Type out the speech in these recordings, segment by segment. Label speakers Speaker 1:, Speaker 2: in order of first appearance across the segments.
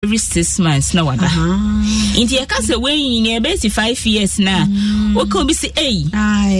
Speaker 1: every six months na wada nti yɛka sɛ wɔnyi ne ɛbɛsi five years na mm. woka obi sɛ ei ah, but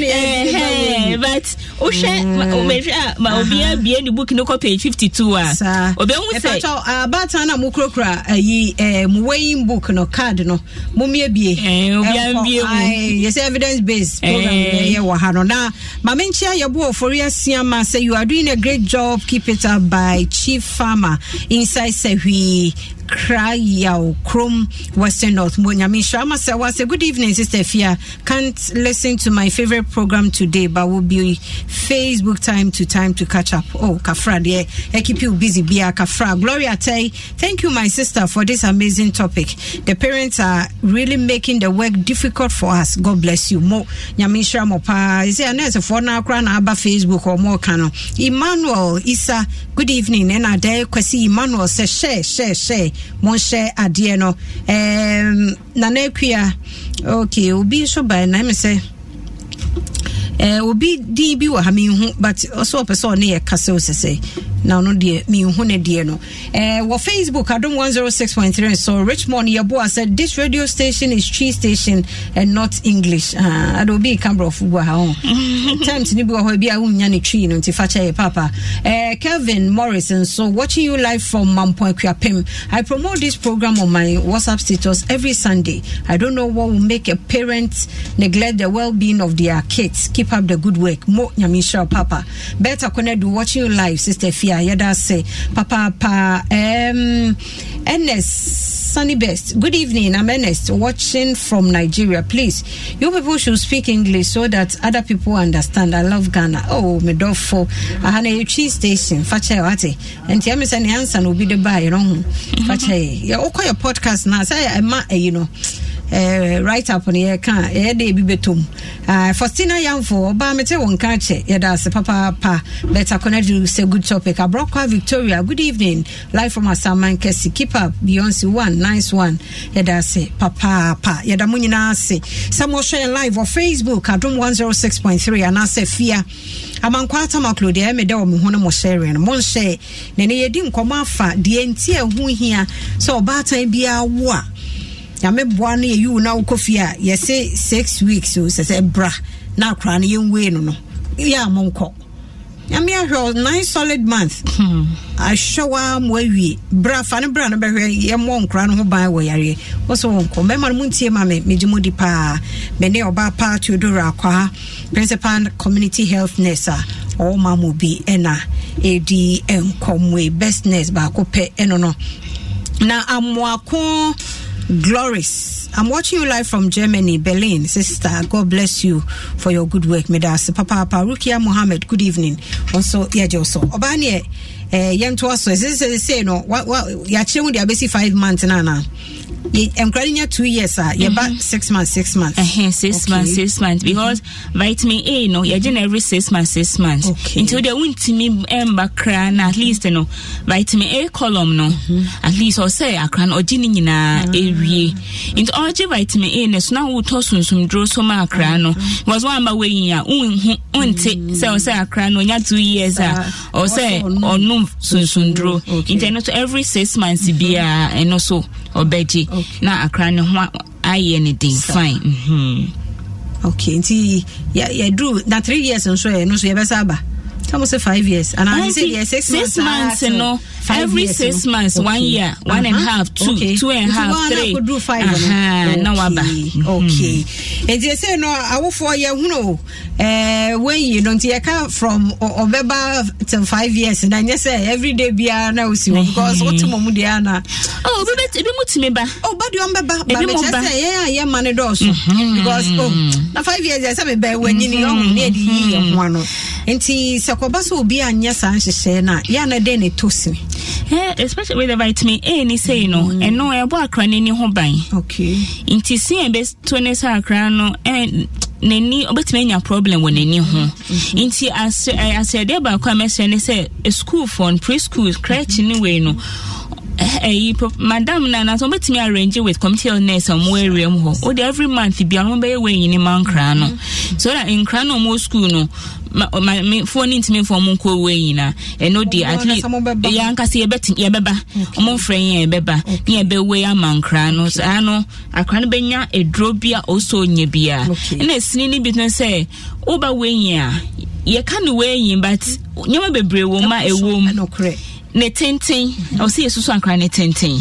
Speaker 1: eh, eh, but wohwɛ mm. obia bie ne book no kɔ page fifty-two, 52 a obɛhu
Speaker 2: sɛbatan ah, na mokurokura ayi eh, mowayin book no card no mommia bie yɛsɛ evidence based program yɛ wɔ ha no na ma menkyia yɛboɔfori asia ma say you are doing a great job keep it up by chi farmer inside say we. Accra Yao Chrome Western North Monyami Shama Sawase. Good evening, Sister Fia. Can't listen to my favorite program today, but will be Facebook time to time to catch up. Oh, Kafra, yeah. I keep you busy, Bia Kafra. Gloria Tay, thank you, my sister, for this amazing topic. The parents are really making the work difficult for us. God bless you. Mo Nyami Mopa. Pa. Is there a for now? Facebook or more channel. Emmanuel Isa, good evening. And I dare Emmanuel says, share, share, share. monhyɛ adeɛ no um, euh, nana akua okay obi nso bae na me sɛ Eh, obi will bi wɔ ha menhu but ɔsɛ ɔpɛ sɛ ɔne yɛ kasa o sɛsɛ na ɔno deɛ menhu ne deɛ no eh, wɔ facebook adom 106.3 so richmond yɛboa sɛ this radio station is tree station and not english ah, ada obi ka borɔfo gu ha ho times no bi wɔ hɔ bi a wonnya ne tree no nti fakyɛ yɛ papa eh, kelvin morris nso watching you live from mampɔn akuapem i promote this program on my whatsapp status every sunday i don't know what will make a parent neglect the well-being of their kids Keep keep up the good work mo nyame papa better connect do watching you live sister fia Yada say, papa pa um, ns Sunny Best. Good evening. I'm Ernest, watching from Nigeria. Please, you people should speak English so that other people understand. I love Ghana. Oh, me dog I had a tree station. Fetch your ate. And tell me, Sunny Hansen will be the buy, you know. Yeah, okay. your podcast now. Say, I am you know. Eh, right up no yɛka yɛde ebi bɛtɔm uh, faustina yamfo ɔbaa mete wɔ nka kyɛ yɛda ase papaapa but akɔnaduru sɛ good topic aborɔkwa victoria good evening life from asaman kɛse keep up beyonce one nice one yɛda ase papaapa yɛda mo nyinaa ase sɛ mohwɛ yɛ live wɔ facebook adom 106.3 anaasɛ fia amankwa atamaklo deɛ ɛmɛ dɛ wɔ mo ho no mo hyɛre no monhyɛ na ne yɛdi nkɔmmɔ afa deɛ nti a ɛho hia sɛ ɔbaatan biara wo a nyame boa no yɛyi wo no wokɔ fie a yɛse six weeks o sɛ sɛ bra na akoraa no yɛnwei no no yɛ a monkɔ nyame ahwɛ nine solid month hmm. ahwɛ wa mo awie bra fa no bra no bɛhwɛ yɛmmɔ nkora no ho ban wɔ yareɛ wo sɛ wɔnkɔ mɛma no montie ma me megye mu di paa mene ɔbaa paa teodoro akwa principal community health nurse a ɔwɔ ma mo bi ɛna ɛdi nkɔmmue best nurse baako pɛ ɛno no na amoako Gloris. I'm watching you live from Germany, Berlin. Sister, God bless you for your good work. Medasi Papa Papa Rukia Mohammed, good evening. Also, yeah, Joso. Obanye, eh, young to us, is the same. no, what, what, you're the five months, Nana. nkura ni nya two years
Speaker 1: a yɛba mm-hmm. six months six months. ɛhɛn uh-huh, six months six months because vitamin A no yɛ gye na every six months six months okay. nti o de wuntumi ɛnba kra na at least no vitamin A column no mm at least ɔsɛ akra no ɔgye ne nyinaa ewie nti ɔgye vitamin A na so na wotɔ sunsun duro so ma akra no because wɔn aba wɔyi a nhun nte sɛ ɔsɛ akra no onya two years a ɔsɛ ɔnum sunsun duro nti ɛno so every six months biara ɛno uh, so ɔbɛgye nti na akra ne ho ayɛ ne den fine mhm. okay nti yɛduru na three
Speaker 2: years nso yɛ no so yɛbɛsa aba Almost say five years. And I say yes, six, six months. months uh, no. Five Every years, six no? months, okay. one year, uh-huh. one and a uh-huh. half, two, okay. two and a half, three. could do five. Uh-huh. No, okay. Mm-hmm. okay. And they say no, I will for you, you know, uh, when you don't hear from Obeba till five years, and then you say every day be now an house mm-hmm. because what to Momudiana. Oh, oh but it be meba. Oh, but you remember, but I say, yeah, yeah, money does mm-hmm. because oh, mm-hmm. now five years, I say, when you know, near the year
Speaker 1: one. And he said, sɛ kɔba sɛ obi anyɛ saa nhyehyɛe no a yɛ na dɛn ne tɔ sini especially with the vitamin A ni sɛ no mm. ɛno ɛbɔ akra n'ani ho ban nti si ɛbɛto ne sɛ akra no n'ani obetumi anya problem wɔ n'ani ho mm-hmm. nti asɛdeɛ baako a mɛsɛ ne sɛ sukuufoɔ no preschool krɛkye ne wei no ɛyi madam na anaasɛ ɔbɛtumi arrange with community health nurse a ɔmo area mu hɔ wode every month biara ɔmo bɛyɛ wɔn nyini ma nkraa no mm-hmm. so na nkraa no ɔmo school no mamefoɔ no ntumi mfa ɔmo nkɔ wɔ nyinaa ɛno de atleast yɛ ankasa yɛbɛba ɔmo mfrɛ yɛn yɛbɛba ne yɛbɛwɔ ama nkraa no no bɛnya bi a ɔsɔ nya ɛna esini ne bi no sɛ woba wɔ nyi yɛka wɔ nyi but nneɛma bebree wɔ mu a ɛwɔ mu. ne tenten ɔsɛ yɛsusu ankora ne tenten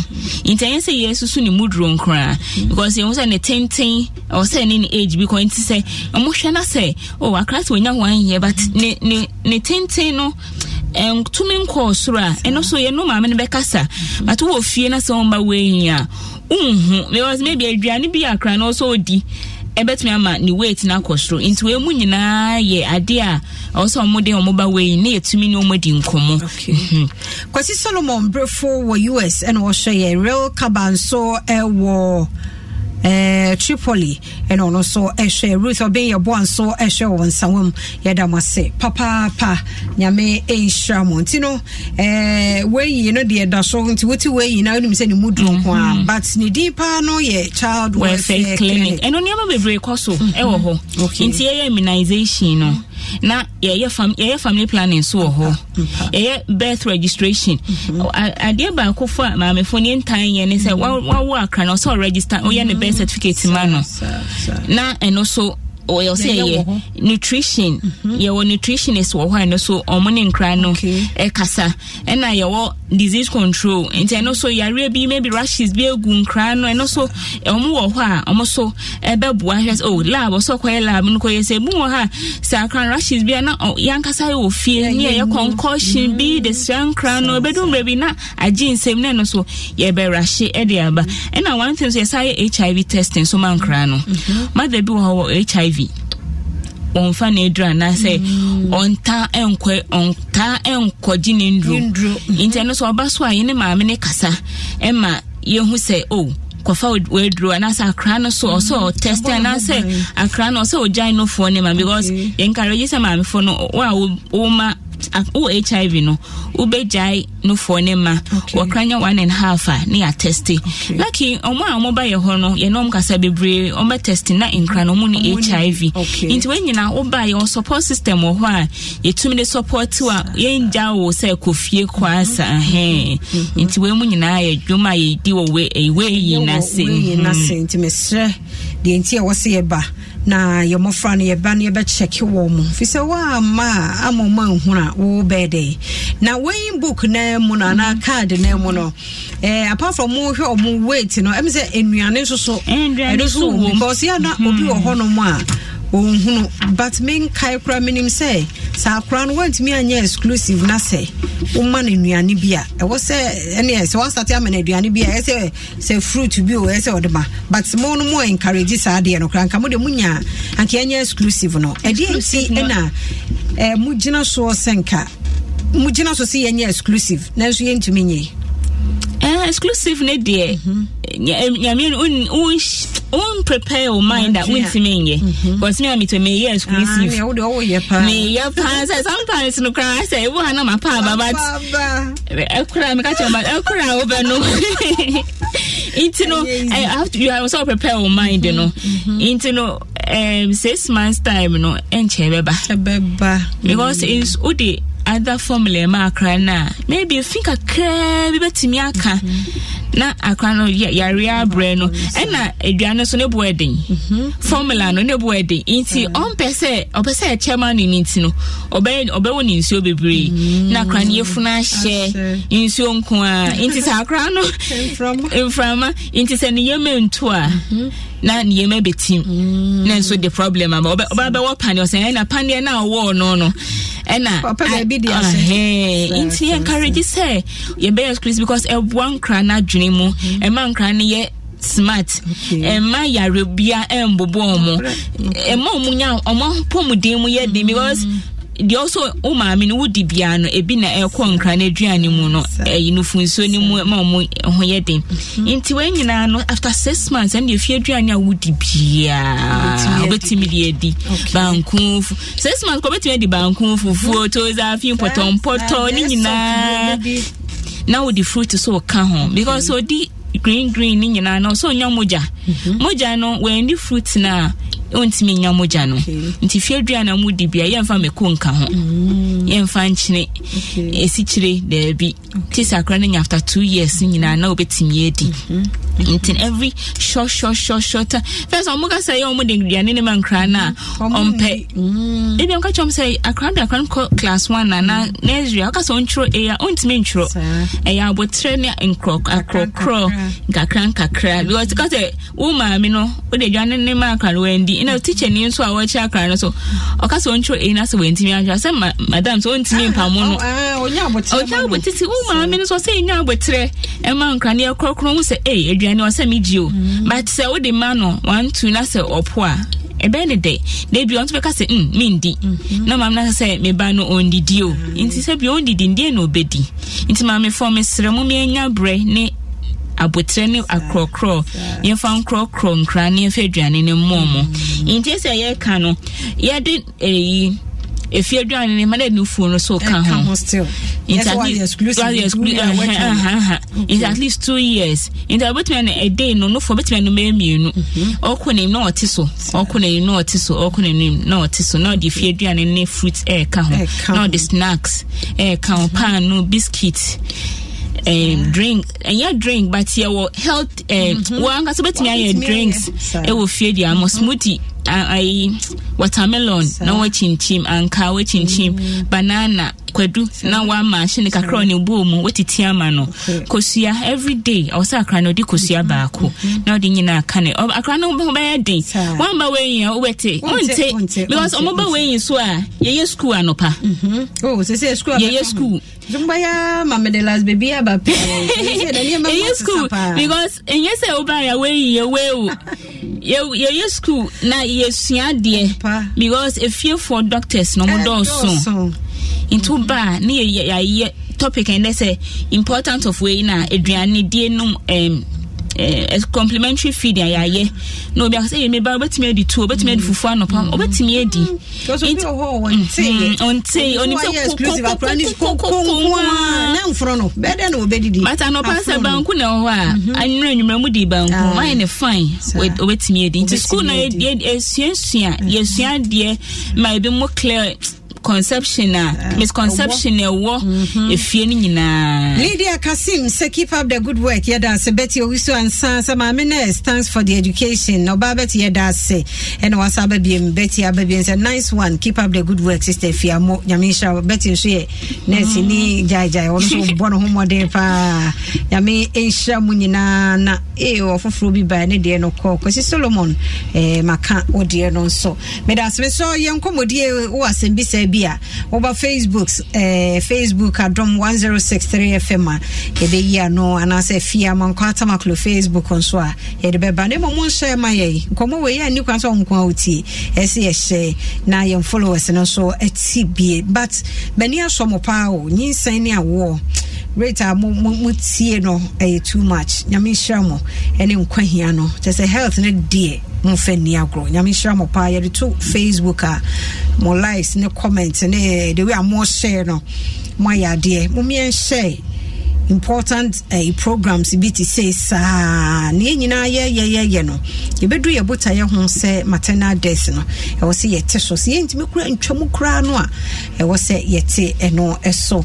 Speaker 1: nti ɛyɛ sɛ yɛsusu ne mu duro nkora because yɛhu sɛ ne tenten ɔsɛ ne ne age bi kɔ nti sɛ ɔmohwɛ na sɛ o oh, akra sɛ ɔnya wan yɛ but ne ne ne tenten no ntumi nkɔ soro a ɛno nso yɛn no maame no bɛkasa but wɔ fie na sɛ ɔmba wɔ enyi a nhun because maybe aduane bi akra na ɔsɛ ɔdi ɛbɛtumi ama ne weight no akɔ soro nti wei mu nyinaa yɛ adeɛ a ɛwɔ sɛ ɔmo de ɔmo ba wei ne yɛtumi ne ɔmo di nkɔmmɔ mhm. kwasi
Speaker 2: solomon berefo wɔ us ɛna wɔhwɛ yɛ real kaba nso ɛwɔ Eh, tripoli ɛna eh, ɔno nso ɛhwɛ eh, ruth ɔbɛn yɛ boa nso ɛhwɛ wɔn nsawo mu yɛda mo ase papaapa nyame ɛnhyira mo nti no wɔayi no deɛ da so nti wote wɔayi na wonim sɛ ne mu duro nko a but ne din paa no yɛ child welfare clinic
Speaker 1: ɛno nneɛma bebree kɔ so ɛwɔ hɔ mm-hmm. nti ɛyɛ immunization no na yɛyɛ fam yɛyɛ family planning nso wɔ hɔ yɛyɛ birth registration mhm. adeɛ baako fo a maamefo ne ntan yɛ ne sɛ mhm. wawo akra na ɔsɛ ɔregister ɔyɛ ne birth certificate ma no na ɛno so ɔyɛ sɛ yɛ nutrition mm-hmm. yɛwɔ nutritionist wɔ hɔ ɛno so ɔmo ne nkra no ɛkasa okay. ɛna yɛwɔ disease control nti ɛno so yareɛ bi maybe rashes bi egu nkra no ɛno so ɔmo wɔ hɔ a ɔmo so ɛbɛboa hwɛ sɛ o oh, lab ɔsɔ kɔyɛ lab no kɔyɛ sɛ mu wɔ ha sɛ akran rashes bi a na yankasa yɛ wɔ fie ne yɛyɛ concussion bi de sra nkra no ebedu mmerɛ na agye nsɛm na ɛno so yɛbɛ rashe ɛde aba mm-hmm. ɛna one thing so yɛsa yɛ hiv testing so ma nkra no mother mm-hmm. bi wɔ hɔ wɔ hiv hiv ɔmfa na aduru anaasɛ mm. ɔnta nkɔ ɔnta nkɔgye ne nduro mhm. nti ɛno so ɔba so a yɛne maame ne kasa ɛma yɛhu sɛ o kɔfa waduro anaasɛ akra no so ɔsɛ mm. ɔtest anaasɛ akra no ɔsɛ ɔgyae nofoɔ ne ma because yɛnkaregye sɛ maamefoɔ no wo a woma wo hiv no wobɛgyae nofoɔ ne ma wɔkra nya 1 and half a ne yɛatɛste lucky ɔmo a ɔmoba yɛ hɔ no yɛne ɔm kasa bebree ɔmbɛtɛste na nkra no ɔmo ne hiv nti wɔnyina woba yɛwɔ support system wɔ hɔ a yɛtumi de support wo a yɛngya wo sɛ kɔfie kɔ asa mhm. he mhm. nti wei mu nyinaa yɛ dwom a yɛdi wɔ wei yi mhm. nase nti
Speaker 2: mesrɛ deɛ nti a wɔ yɛba na yɛmmɔfra no yɛba no yɛbɛkyɛke wɔ mu fi sɛ woama a ama nhunu a wo eh. na wɔyi book na mu no anaa card na mu no eh, apart from ɔmo weight no ɛm sɛ nnuane nsoso ɛno so wɔ na obi mm-hmm. wɔ a ɔnhunu but menkae kora menim sɛ saa akora no wantumi anyɛ exclusive na sɛ woma no nnuane bi a ɛwɔ sɛ ɛneɛ sɛ woasate ama no aduane bi a ɛyɛ sɛ sɛ fruit bi o ɛyɛ sɛ ɔde ma but mo no mu encourage saa deɛ no kora nka mode munya anka ɛnyɛ exclusive no ɛdeɛ nti ɛna eh, mogyina soɔ sɛ nka mogyina so sɛ yɛnyɛ exclusive nanso yɛntumi
Speaker 1: nyɛ Eh, exclusive ne deɛ mm-hmm. eh, nyame won prepare your mind that wontumi nyɛ mm-hmm. because me a metɔ meyɛ exclusive ah, Me paa sɛ sometimes no cry. sɛ ɛwo ha na mapa aba but ɛkora eh, meka oh, kyɛ ma ɛkora wobɛ no nti no you have to prepare your mind no nti no um, six months time you know. no beba. Beba. because mm. it's wode other formula ɛma akra no a maybe efi kakraa bi bɛtumi aka mhm. na akra no yare abrɛ no mhm. ɛna aduane so ne bo ɛden mhm. formula no ne bo ɛden nti ɔmpɛ sɛ ɔpɛ sɛ ɛkyɛ ma no ne nti no ɔbɛyɛ ɔbɛwɔ ne nsuo bebree na akra no yɛfunu ahyɛ nsuo nko a nti sɛ akra no mframa nti sɛ ne yɛmɛ nto a na nneɛma bɛtim mm. na nso de problem ama ɔba bɛwɔ paneɛ ɔsɛ ɛna paneɛ na a ɔwɔ no no ɛna ah, nti encourage sɛ yɛbɛyɛ schools because ɛboa nkra no adwene mu mm-hmm. ɛma nkra no yɛ smart ɛma okay. yare bia ɛmbobɔ ɔmo ɛma ɔmo nya ɔmo apɔmuden mu yɛ den mm. because deɛ ɔsɔ wo maame no wodi biara no ebi na ɛkɔ nkra no aduane mu no ɛyi no funsuo no mu ma ɔmo ho yɛ den mhm. nti wɔn nyinaa no after six months ɛna efi aduane a wodi bia obetumi de adi banku six months kɔ obetumi adi banku fufuo mm. toza fi mpɔtɔmpɔtɔ ne nyinaa na wodi fruit so ka ho because odi green green ne nyinaa mhm. no so nya mogya mogya no wɔn ani fruit na ɔntumi nya mogya no nti fie dua na mudi bia yɛmfa meko nka ho mm. yɛmfa nkyene ɛsikyire daabi nti sakra no nya after two years nyinaa na wobɛtumi adi mm-hmm. nti every short short short short first ɔmo ka sɛ yɛ ɔmo de aduane ne ma nkra no mm-hmm. ɔmpɛ mm. ebi ɔmo ka ɔmo sɛ akra de akra kɔ class one na na mm. nursery ɔka sɛ ɔntwerɛ ɛyɛ ɔntumi ntwerɛ ɛyɛ abotire ne nkorɔ akorɔkorɔ nkakra nkakra because ka sɛ wo maame no wode aduane ne ma akra no you know teacher ni nso a wɔkyerɛ akra no so ɔka sɛ ɔntwerɛ ɛyi na sɛ wɔntumi ahwɛ sɛ madam sɛ ɔntumi mpamo no ɔnya abɔte sɛ wo maame no so ɔsɛ ɛnya abɔterɛ ɛma nkraneɛ korɔkorɔ hu sɛ ei aduane ɔsɛ megye o mm. but sɛ wode ma no wantu na sɛ ɔpo a ɛbɛyɛ ne dɛ na ebi ɔnso bɛka sɛ mm mendi mm-hmm. na maame n'asɛ sɛ meba no ɔndidi o mm-hmm. nti sɛ bi ɔndidi ndie na ɔbɛdi nti maame fɔ mesrɛ mu menya brɛ ne abotire ne akorɔkorɔ yɛmfa nkorɔkorɔ nkra ne yɛmfa aduane ne mmɔɔ mu mm-hmm. nti sɛ yɛka no yɛde ɛyi efi aduane ne ma na nufuo no so ka ho nti at least two years nti obetumi na ɛde no nufo obetumi na mbɛ mmienu mm-hmm. ɔkɔ n'anim na ɔte so ɔkɔ n'anim na ɔte so ɔkɔ n'anim na ɔte so na ɔde efi aduane ne fruit ɛɛka ho na ɔde snacks ɛɛka ho paanu biscuit um, drink ɛnyɛ eh, drink but yɛwɔ health wɔn ankasa bɛtumi ayɛ drinks ɛwɔ fie deɛ amɔ smoothie ayi watermelon na wɔkyinkyim ankaa wɔkyinkyim banana kwadu na wama ahyɛ ne kakra ɔne buo mu wɔtete ama no kosua everyday ɔwɔ sɛ akra no ɔde kosua mm-hmm. baako mm-hmm. na ɔde nyinaa aka ne oh, akra no ho bɛyɛ den wamba wɔnyi a wobɛte wonte because ɔmɔba wɔnyi so a yɛyɛ school anɔpa yɛyɛ mm-hmm. oh, school ɛyɛ because ɛnyɛ sɛ woba yɛ woyi yɛ wewu yɛyɛ school na yɛsua deɛ because efiefoɔ doctors no ɔmo dɔɔso nti woba ne yɛyɛ topic ɛnɛ sɛ important of wei na aduane die nom eh, complimentary feeding a yɛayɛ na obi akasɛ yɛmeba wobɛtumi adi tuo wobɛtumi adi fufuo anɔpa wobɛtumi adi ɔntee ɔnim sɛ but anɔpa sɛ banku na ɛwɔ hɔ a anwerɛ anwummerɛ mm-hmm. mu dii banku wayɛ ah. ne fine wobɛtumi adi nti skul no yɛsuasua yɛsua adeɛ ma ebi mu clear conception a eh, eh, misconception ɛwɔ mhm. efie no nyinaa. lydia
Speaker 2: kasim sɛ keep up the good work yɛda ase betty owisu ansan sɛ maame na stands for the education na ɔbaa betty yɛda ase ɛna wasa ababiem betty ababiem say nice one keep up the good work sister fiamo nyame nhyira betty nso yɛ nurse ni mhm. gyaegyae wɔn nso bɔ ne ho mmɔden paa nyame nhyira mu nyinaa na ee eh, ɔfoforɔ bi baa ne deɛ no kɔ kwasi solomon ɛɛ maka ɔdeɛ no nso mɛda ase nso yɛn nkɔmɔdie wɔ asɛm bi sɛ bi a woba facebook eh, facebook adom 1063 fm a yɛbɛyi ano anaasɛ fie ama nkɔ atamaklo facebook nso a yɛde bɛba na mmom nhyɛ ma yɛi nkɔmmɔ wei a nni kwan sɛ ɔnko a wotie ɛsɛ yɛhyɛ na yɛn followers no nso ati bie but m'ani asɔ mo paa o nyinsɛn ne awoɔ rate a motie no ɛyɛ too much nyame nhyira mo ɛne nkwahia no kyɛ sɛ health no deɛ momfa nni agorɔ nyame hyira mo paa yɛde to facebook a mo likes ne comment ne the way a mohyɛe no moayɛ adeɛ momeɛ nhyɛe important uh, programs bi te sɛ saa na yɛn nyinaa yɛyɛyɛyɛ no yɛbɛduru yɛ botaeɛ ho sɛ maternal death no ɛwɔ sɛ yɛte so sɛ yɛntumi kura ntwam koraa no a ɛwɔ sɛ yɛte ɛno so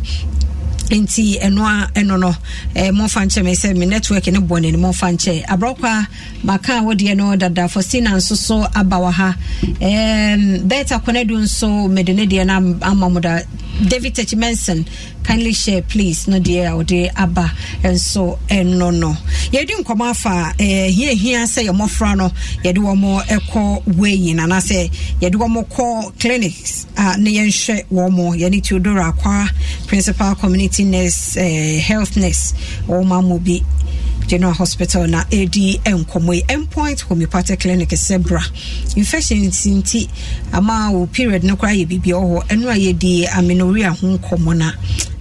Speaker 2: nti ɛno a ɛno no eh, momfa nkyɛ me sɛ me network ne bɔne no momfa nkyɛ aborɔkɔ a maka a wodeɛ no dada faustina nso so aba wɔ ha um, bɛta kɔnadu nso mede ne deɛ no ama mo da david techimenson kindly share please no deɛ uh, eh, a wɔde aba nso ɛno no yɛdi nkɔmɔ afa ɛhiahia sɛ yɛ mmɔfra no yɛde wɔn ɛkɔ weighing anaasɛ yɛde wɔn kɔ clinics uh, a ne yɛnhwɛ wɔn yɛne teodoro akwa principal community nurse ɛɛ eh, health nurse oh, wɔn amu general hospital na ɛdi nkɔmmɔ yi endpoint homeopathic clinic sɛ bra infection nti ama wo period no koraa yɛ biribia wɔ hɔ ɛno a yɛdi amenoria ho nkɔmmɔ no a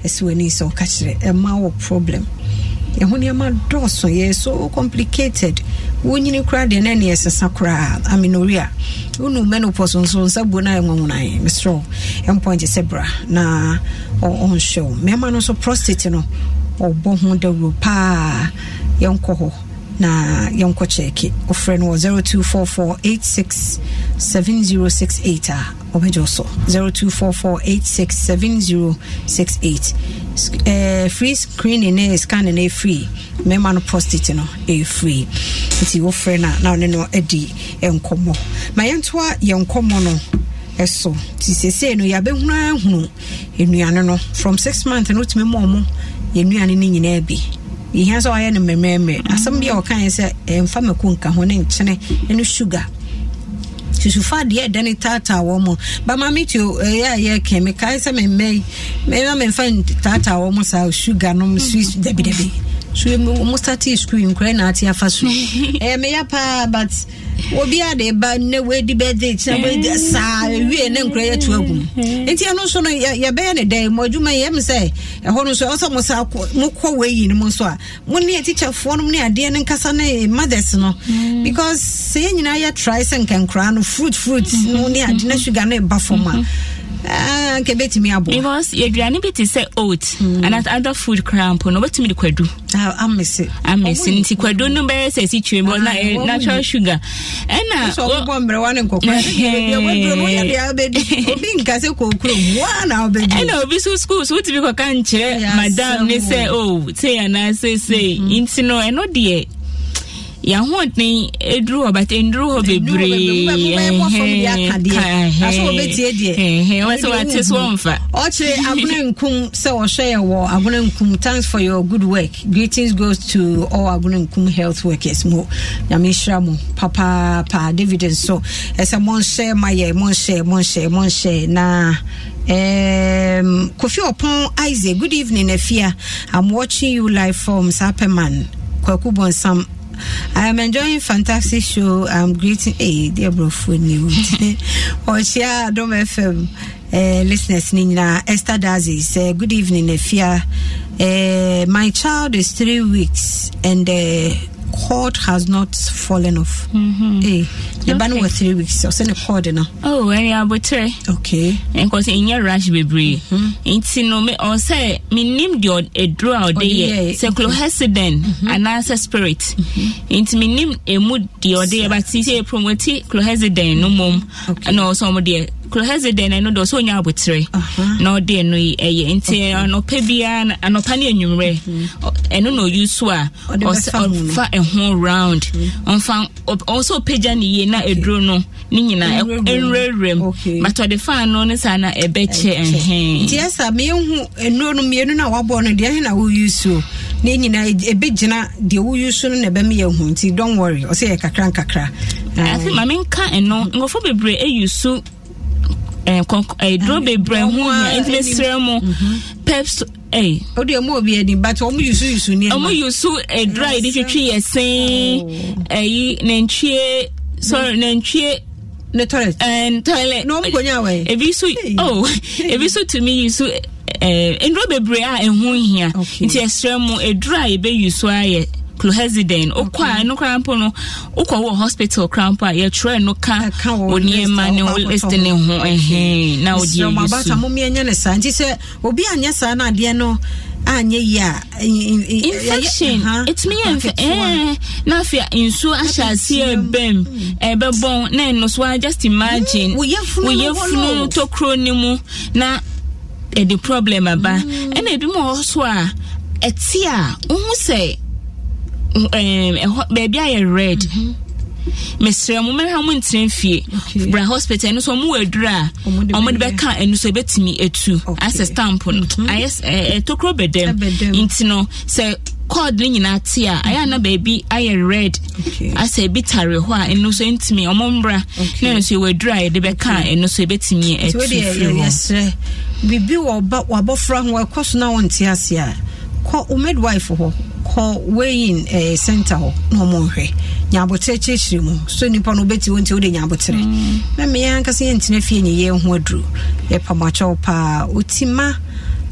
Speaker 2: ɛsɛ w'ani sɛ ɔka kyerɛ ɛma wɔ problem ɛho nneɛma dɔɔso yɛ so complicated wonyini koraa deɛ na ɛne ɛsesa koraa amenoria wonu menopause nso nsa buo no a ɛnwawunae mesrɛ ɛmpɔnkye sɛ bra na ɔnhwɛ wo mmarima no nso prostate no ɔbɔ ho dawuro paa yɛnkɔ hɔ na yɛnkɔ kyɛɛke ɔfrɛ no wɔ 0244867068 a ɔbɛgye so 0244867068 eh, free screening ne scanning no ɛfiri mmarima no prostate no ɛfiri nti wofrɛ no na ɔne no adi nkɔmmɔ ma yɛntoa yɛnkɔmmɔ no ɛso nti seesei no yɛabɛhunu ahunu nnuane no from six months no wotumi mmɔɔ mu yɛnnuane no nyinaa bi yɛhia sɛ ɔyɛ no mmerɛmmerɛmmerɛ asɛm bi a ɔkaeɛ sɛ ɛmfa eh, mako nka ho ne nkyene ɛno sugar susufa deɛ ɛda ne taataa wɔ mu bama me tuo ɛyɛ eh, a yɛ kɛ mekae sɛ memmɛi yi mɛma memfa taataa wɔ mu saa sugar nom mm. dabidabi So mostate screen koraa na ate afa so meyɛ paa but obiaa de ba na wadi bɛde eh. kyina wadi saa ɛwie ne nkora yɛto agu mu enti eh. ɛno nso no yɛbɛyɛ ne dɛn mo adwuma yɛm sɛ ɛhɔ no nso ɛwɔ sɛ mo sa mokɔ wɔayi no mu nso a mo ne atikyafoɔ nom ne adeɛ no nkasa ne mothers no mm. because sɛ yɛ nyinaa yɛtrae sɛ nkankoraa no fruit fruit mm-hmm. no ne ade na sugar no ɛba fam a mm-hmm. Ah,
Speaker 1: nka bɛtumi aboa because aduane bi te sɛ oat mm. other food koraa mpo no wobɛtumi de kwadu amese ah, amese nti kwadu no bɛyɛ sɛ si kyerɛ mu ah, eh, natural sugar ɛnaɛna obi so school so wotumi kɔka nkyerɛ madam ne sɛ o oh, sei anaasɛ sei mm-hmm. nti no ɛno deɛ yɛahoɔden eh, ɛduru hɔ but ɛnduru hɔ bebreewɔ sɛ wate so ɔmfa
Speaker 2: ɔkyerɛ abona nkum sɛ wɔhwɛ yɛ wɔ abona nkum thanks for your good work greetings goes to all abona nkum health workers mo nyame hyira mo papaapa david nso ɛsɛ monhyɛ ma yɛ monhyɛ monhyɛ monhyɛ na Um, Kofi Opon Isaac, good evening, Efia. I'm watching you live from Saperman, Kwaku Bonsam, I'm enjoying fantastic show. I'm greeting. Hey, dear bro, food new. Or oh, share Dom FM uh, eh, listeners. Nina Esther Dazzy. say good evening, Efia. Uh, my child is three weeks and. Uh, cord has not fallen off. Mm-hmm. Eh, the ban was three weeks. So send a cord na.
Speaker 1: Oh, any abutre.
Speaker 2: Eh. Okay.
Speaker 1: And eh, cause in your rush baby. Mm-hmm. Inti no me or oh, say me nim di od a draw day. ye. Se clohesiden an answer spirit. Mm-hmm. Inti me nim a mood di od day, but see eh, promote clohesiden no mum. Okay. And also de chlorhexidine ɛno dɔ sɛ ɔnya abotire na ɔde ɛno yi nti anɔpa biara anɔpa ne anwummerɛ mhm. ɛno so a ɔfa ɛho round mhm. ɔmfa ɔpagya na ɛduro no ne nyinaa ɛnwerɛwerɛm but ɔde fa no ne saa na ɛbɛkyɛ ɛhɛn meɛhu nnuro no mmienu no a wɔabɔ no deɛ he na woyi so na
Speaker 2: nyinaa ɛbɛgyina deɛ woyi so na hu nti don't ɔsɛ yɛ kakra nkakra
Speaker 1: ma menka ɛno bebree ɛyi ɛduro eh, eh, bebree ho a nti mesrɛ mu mhm. peps ɛyi. Eh. o de ɔmu obi ɛni bati ɔmu yusu yusu ni ɛma. ɔmu yusu ɛduro a yɛde twitwi yɛ sɛn ɛyi oh. nantwie sɔrɔ toilet. ɛn toilet. na ɔmu konya awɔ yɛ. ebi so oh ebi so tumi yusu ɛɛ nduro bebree a ɛho hia nti ɛsrɛ mu ɛduro a yɛbɛ yusu ayɛ clohexidine okɔ a no koraa mpo no wokɔ wɔ hospital koraa a yɛtwerɛ no ka eh, wo nneɛma ne wo list eh, ne ho ɛhe eh, na wode ɛyɛ
Speaker 2: ne saa nti sɛ obi anyɛ saa no no a infection
Speaker 1: ɛtumi yɛ na hmm. na ɛno so a just imagine hmm, woyɛ funu tokuro ne mu na ɛde problem aba hmm. ɛna ebi mu wɔ so a ɛte a wohu Eh, eh, baabi ayɛ red mhm. mesrɛ mo mɛhwɛ mo ntena fie bra hospital ɛno so ɔmo wɔ aduru a ɔmo de bɛka ɛno so ɛbɛtumi etu asɛ stamp no mhm. ayɛ eh, tokuro bɛdɛm nti no sɛ cord ne nyinaa te a ayɛ ana mhm. baabi ayɛ red asɛ ebi tare hɔ a ɛno so ntumi ɔmo mbra na ɛno so ɛwɔ aduru a yɛde bɛka ɛno so ɛbɛtumi etu
Speaker 2: biribi wɔ wabɔfra ho ɛkɔ so na wɔnte ase a kɔ wo midwife hɔ akɔ weighing eh, center hɔ na ɔmo nhwɛ nyaabotere kyerɛkyerɛ mu so nipa no obɛti wɔn ti o de nyaabotere na mm. mmea ankasa yɛn ntena fie ne yɛn ho aduro yɛpam akyɛw paa otima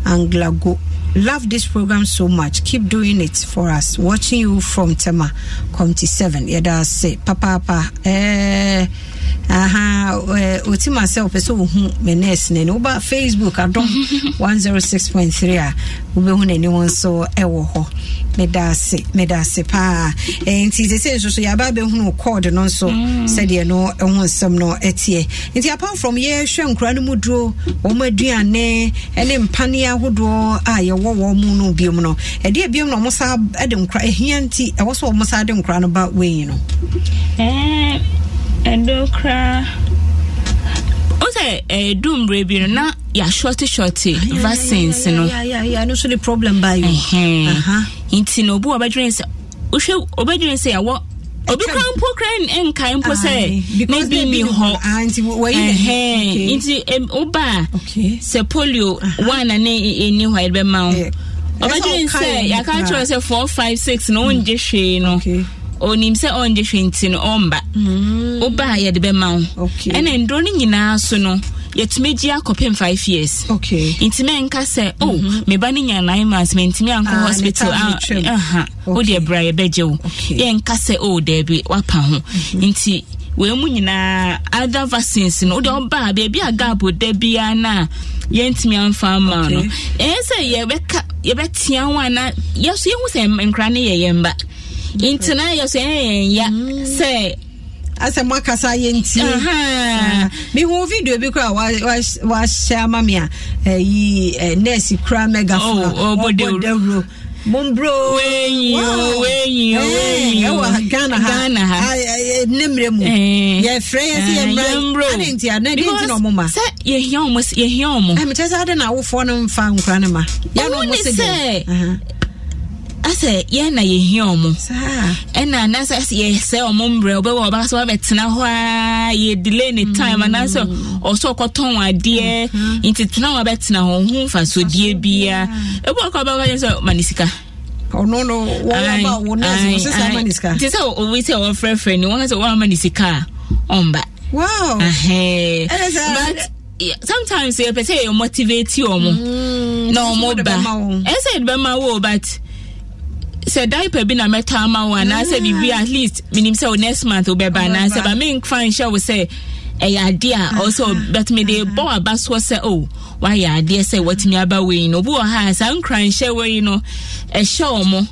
Speaker 2: anglago love this program so much keep doing it for us watching you from tema County 7 yɛda ase papaapa ɛɛɛ. Eh, aha ɔtim eh, asɛ wopɛ sɛ wohu me nurse nani woba facebook adɔm 106.3 a wobɛhu n'ani wo nso ɛwɔ hɔ medase medase paa eh, nti sɛsɛ nso so yɛaba bɛhunu cord no nso mm. sɛdeɛ no ho nsɛm no ɛteɛ nti apart from yɛhwɛ nkora no mu duro wɔn aduane ɛne mpaneɛ ahodoɔ a yɛwɔ wɔn mu no biom no ɛdeɛ nọ na wɔn saa de nkora ehia nti ɛwɔ so wɔn saa de nkora no ba wei no.
Speaker 1: Eh, ɛdɔ koraa o sɛ ya dum mmerɛ bi no na yɛashɔte shɔte vaccines no ne problem ba nti na obi wɔbɛdwene sɛ wohwɛ wɔbɛdwene sɛ yɛwɔ obi kora mpo kora nkae mpo sɛ na bi mi hɔ nti woba a sɛ polio wana ne ɛni hɔ yɛde bɛma wo ɔbɛdwene sɛ yɛaka kyerɛ sɛ 4 5 6 na wongye hwee no onim sɛ ɔngye hwɛ nti no ɔmba mm. woba yɛde bɛma wo ɛna nduro no nyinaa so no yɛtumi gye akɔpem five years nti mɛnka sɛ o oh, mm-hmm. meba no nya nine months mentumi ankɔ ah, hospital ah, wode ɛbra yɛbɛgye wo yɛnka sɛ o oh, daabi woapa ho mhm. nti wee mu nyinaa other vaccines no wode ɔbaa baabi a gabo da biara no a yɛntumi amfa ama no ɛɛ sɛ yɛbɛka yɛbɛtea ho ana yɛso yɛhu sɛ nkora ne yɛyɛ mba nti na yɛ so ɛyɛ ya mm. sɛ asɛ
Speaker 2: mo akasa yɛ nti ah, mehu video bi kora wahyɛ ama me a ayi eh, eh, nurse kora megafono oh, ɔbɔdawuro oh, mombro oh, eh, ɛwɔ ghana ha ah,
Speaker 1: ne mmerɛ mu yɛfrɛ yɛ sɛ yɛmmerɛane nti a na de nti na ɔmo ma sɛ yɛhia ɔmo yɛhia ɔmo ah, mekyɛ sɛ ade na awofoɔ no mfa nkora no ma yɛne ɔmo sɛ asɛ yɛn na yɛhia ɔmo ɛna anasɛ yɛsɛ ɔmo mbrɛ ɔbɛwɔ ɔba sɛ wabɛtena hɔ a yɛ delay ne time mm. anasɛ ɔsɛ ɔkɔtɔn adeɛ mm-hmm. nti tena hɔ abɛtena hɔ ho mfasodeɛ bia ebi ɔkɔ ɔbɛkɔ yɛ sɛ ma ne sika ɔno no wɔn aba wɔn nɛɛsi wɔn sisa ama ne sika te sɛ owi sɛ wɔfrɛfrɛ ni wɔn sɛ wɔn ama ne sika a ɔmba wow ɛhɛn but sometimes yɛpɛ sɛ yɛ motivate ɔmo mm, na ɔmo ba ɛsɛ ɛdibɛma wo but. sɛ diaper bi na mɛtɔ ama wo anaasɛ mm. biribi at least menim sɛ wo next month wobɛba anaasɛ ba memfa nhyɛ wo sɛ ɛyɛ adeɛ a ɔsɛ but mede bɔ aba soɔ sɛ o oh, woayɛ adeɛ sɛ watumi aba wei no obi wɔ ha saa nkra nhyɛ wei no ɛhyɛ wɔ mo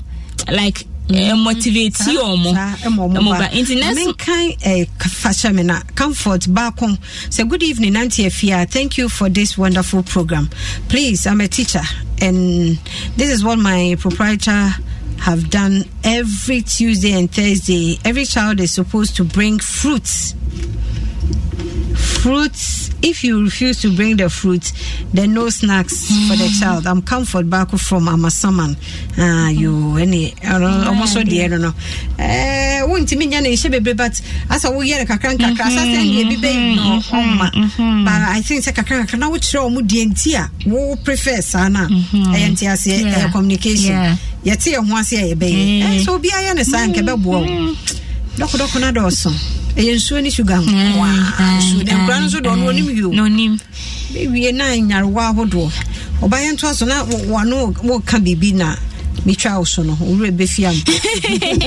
Speaker 1: like mm. eh, motivate ɔmo moba nti menkan eh,
Speaker 2: fahyɛ me na good evening nanti afia thank you for this wonderful program please i'm a teacher and this is what my proprietor have done every Tuesday and Thursday, every child is supposed to bring fruits. Fruits, if you refuse to bring the fruits, then no snacks for the child. I'm comfort back from Amasaman. Ah, you any almost what the I don't know. Eh, won't you mean baby, but asa I yere hear a kakran kakra, as I say, mm-hmm, baby, mm-hmm, no, mm-hmm, but I think se a kakran kakra, which show mu DNT, who prefers Sana, and communication. Yeah. yɛte yɛ ho ase a yɛbɛyɛ mm. eh, sɛ obiara yɛ ne saa nkɛ bɛboa o mm. dɔkodɔko no dɔɔso ɛyɛ nsuo ne sugar ho mm. nsuo ne nkura no nso dɔ no onim
Speaker 1: yio
Speaker 2: bɛwie na nyarewa ahodoɔ ɔbayɛ ntoa so na wɔno wɔka biribi na metwa wo so no wowura bɛfia m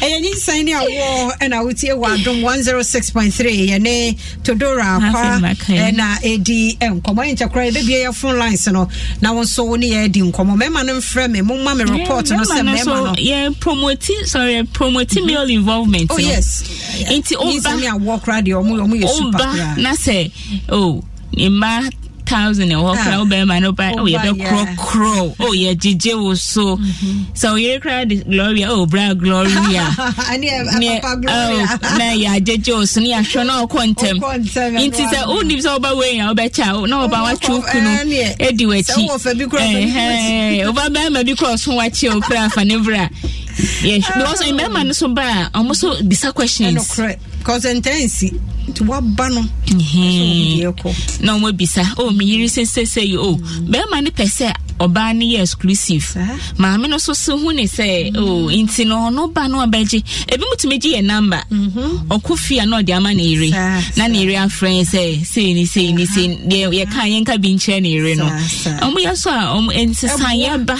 Speaker 2: ɛyɛ nyinsane ne awɔ ɛna wotie wɔ adom 106.3 yɛne todora akwa ɛna ɛdi nkɔmmɔ ɛnkyɛ koraa yɛbɛbia yɛ phone lines no na wo nso wo ne yɛadi nkɔmmɔ mɛma no mfrɛ me momma me report no sɛ mɛma no
Speaker 1: yɛ sorry promoti mm-hmm. male involvement oh yes nti ɔba nyinsane awɔ koraa deɛ ɔmo yɛ super na sɛ oh mmaa thousand ɛwɔ kora wo bɛrima no ba oh yɛbɛ korɔkorɔ oh yɛgyegye wo so sɛ ɔyere kora de gloria oh bra gloria na yɛagyegye wo so ne yɛahwɛ na ɔkɔ ntɛm nti sɛ wonim sɛ woba wei a wobɛkyɛ na wɔba woatwe wo kunu ɛdi w'akyi woba bɛrima bi korɔ so wakyeɛ wo kora afa ne bra because mmarima oh. no so ba a ɔmo so bisa questions nti waba no na ɔmo bisa oh, o meyere mm. sesese yi o bɛrima no pɛ sɛ ɔbaa no yɛ exclusive maame no nso so hu ne sɛ o oh, nti no ɔno ba no ɔbɛgye ebi mu tumi gye yɛ namba mhm. ɔkɔ fia na ɔde ama ne yere na ne yere afrɛ sɛ sei ni sei ni sei deɛ yɛka yɛnka bi nkyɛn ne yere no ɔmo yɛ so a ɔmo nsesanyɛ ba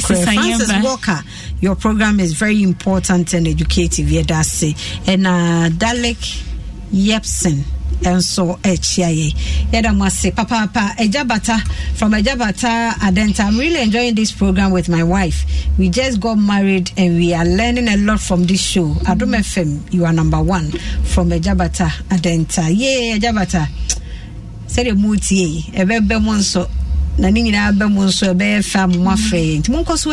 Speaker 1: francis
Speaker 2: walker your program is very important and educative yɛ da se ɛna dalek. and yepson nso yeah. yɛ yɛda say papa papa Ejabata from Ejabata adenta i'm really enjoying this program with my wife we just got married and we are learning a lot from this show adom fm you are number one from Ejabata adenta yee agyabata sɛdeɛ motie ɛbɛbɛ mo nso na ne nyinaa bɛ mo nso ɛbɛyɛ fɛ a mo mo afɛ yɛ nti monkɔ so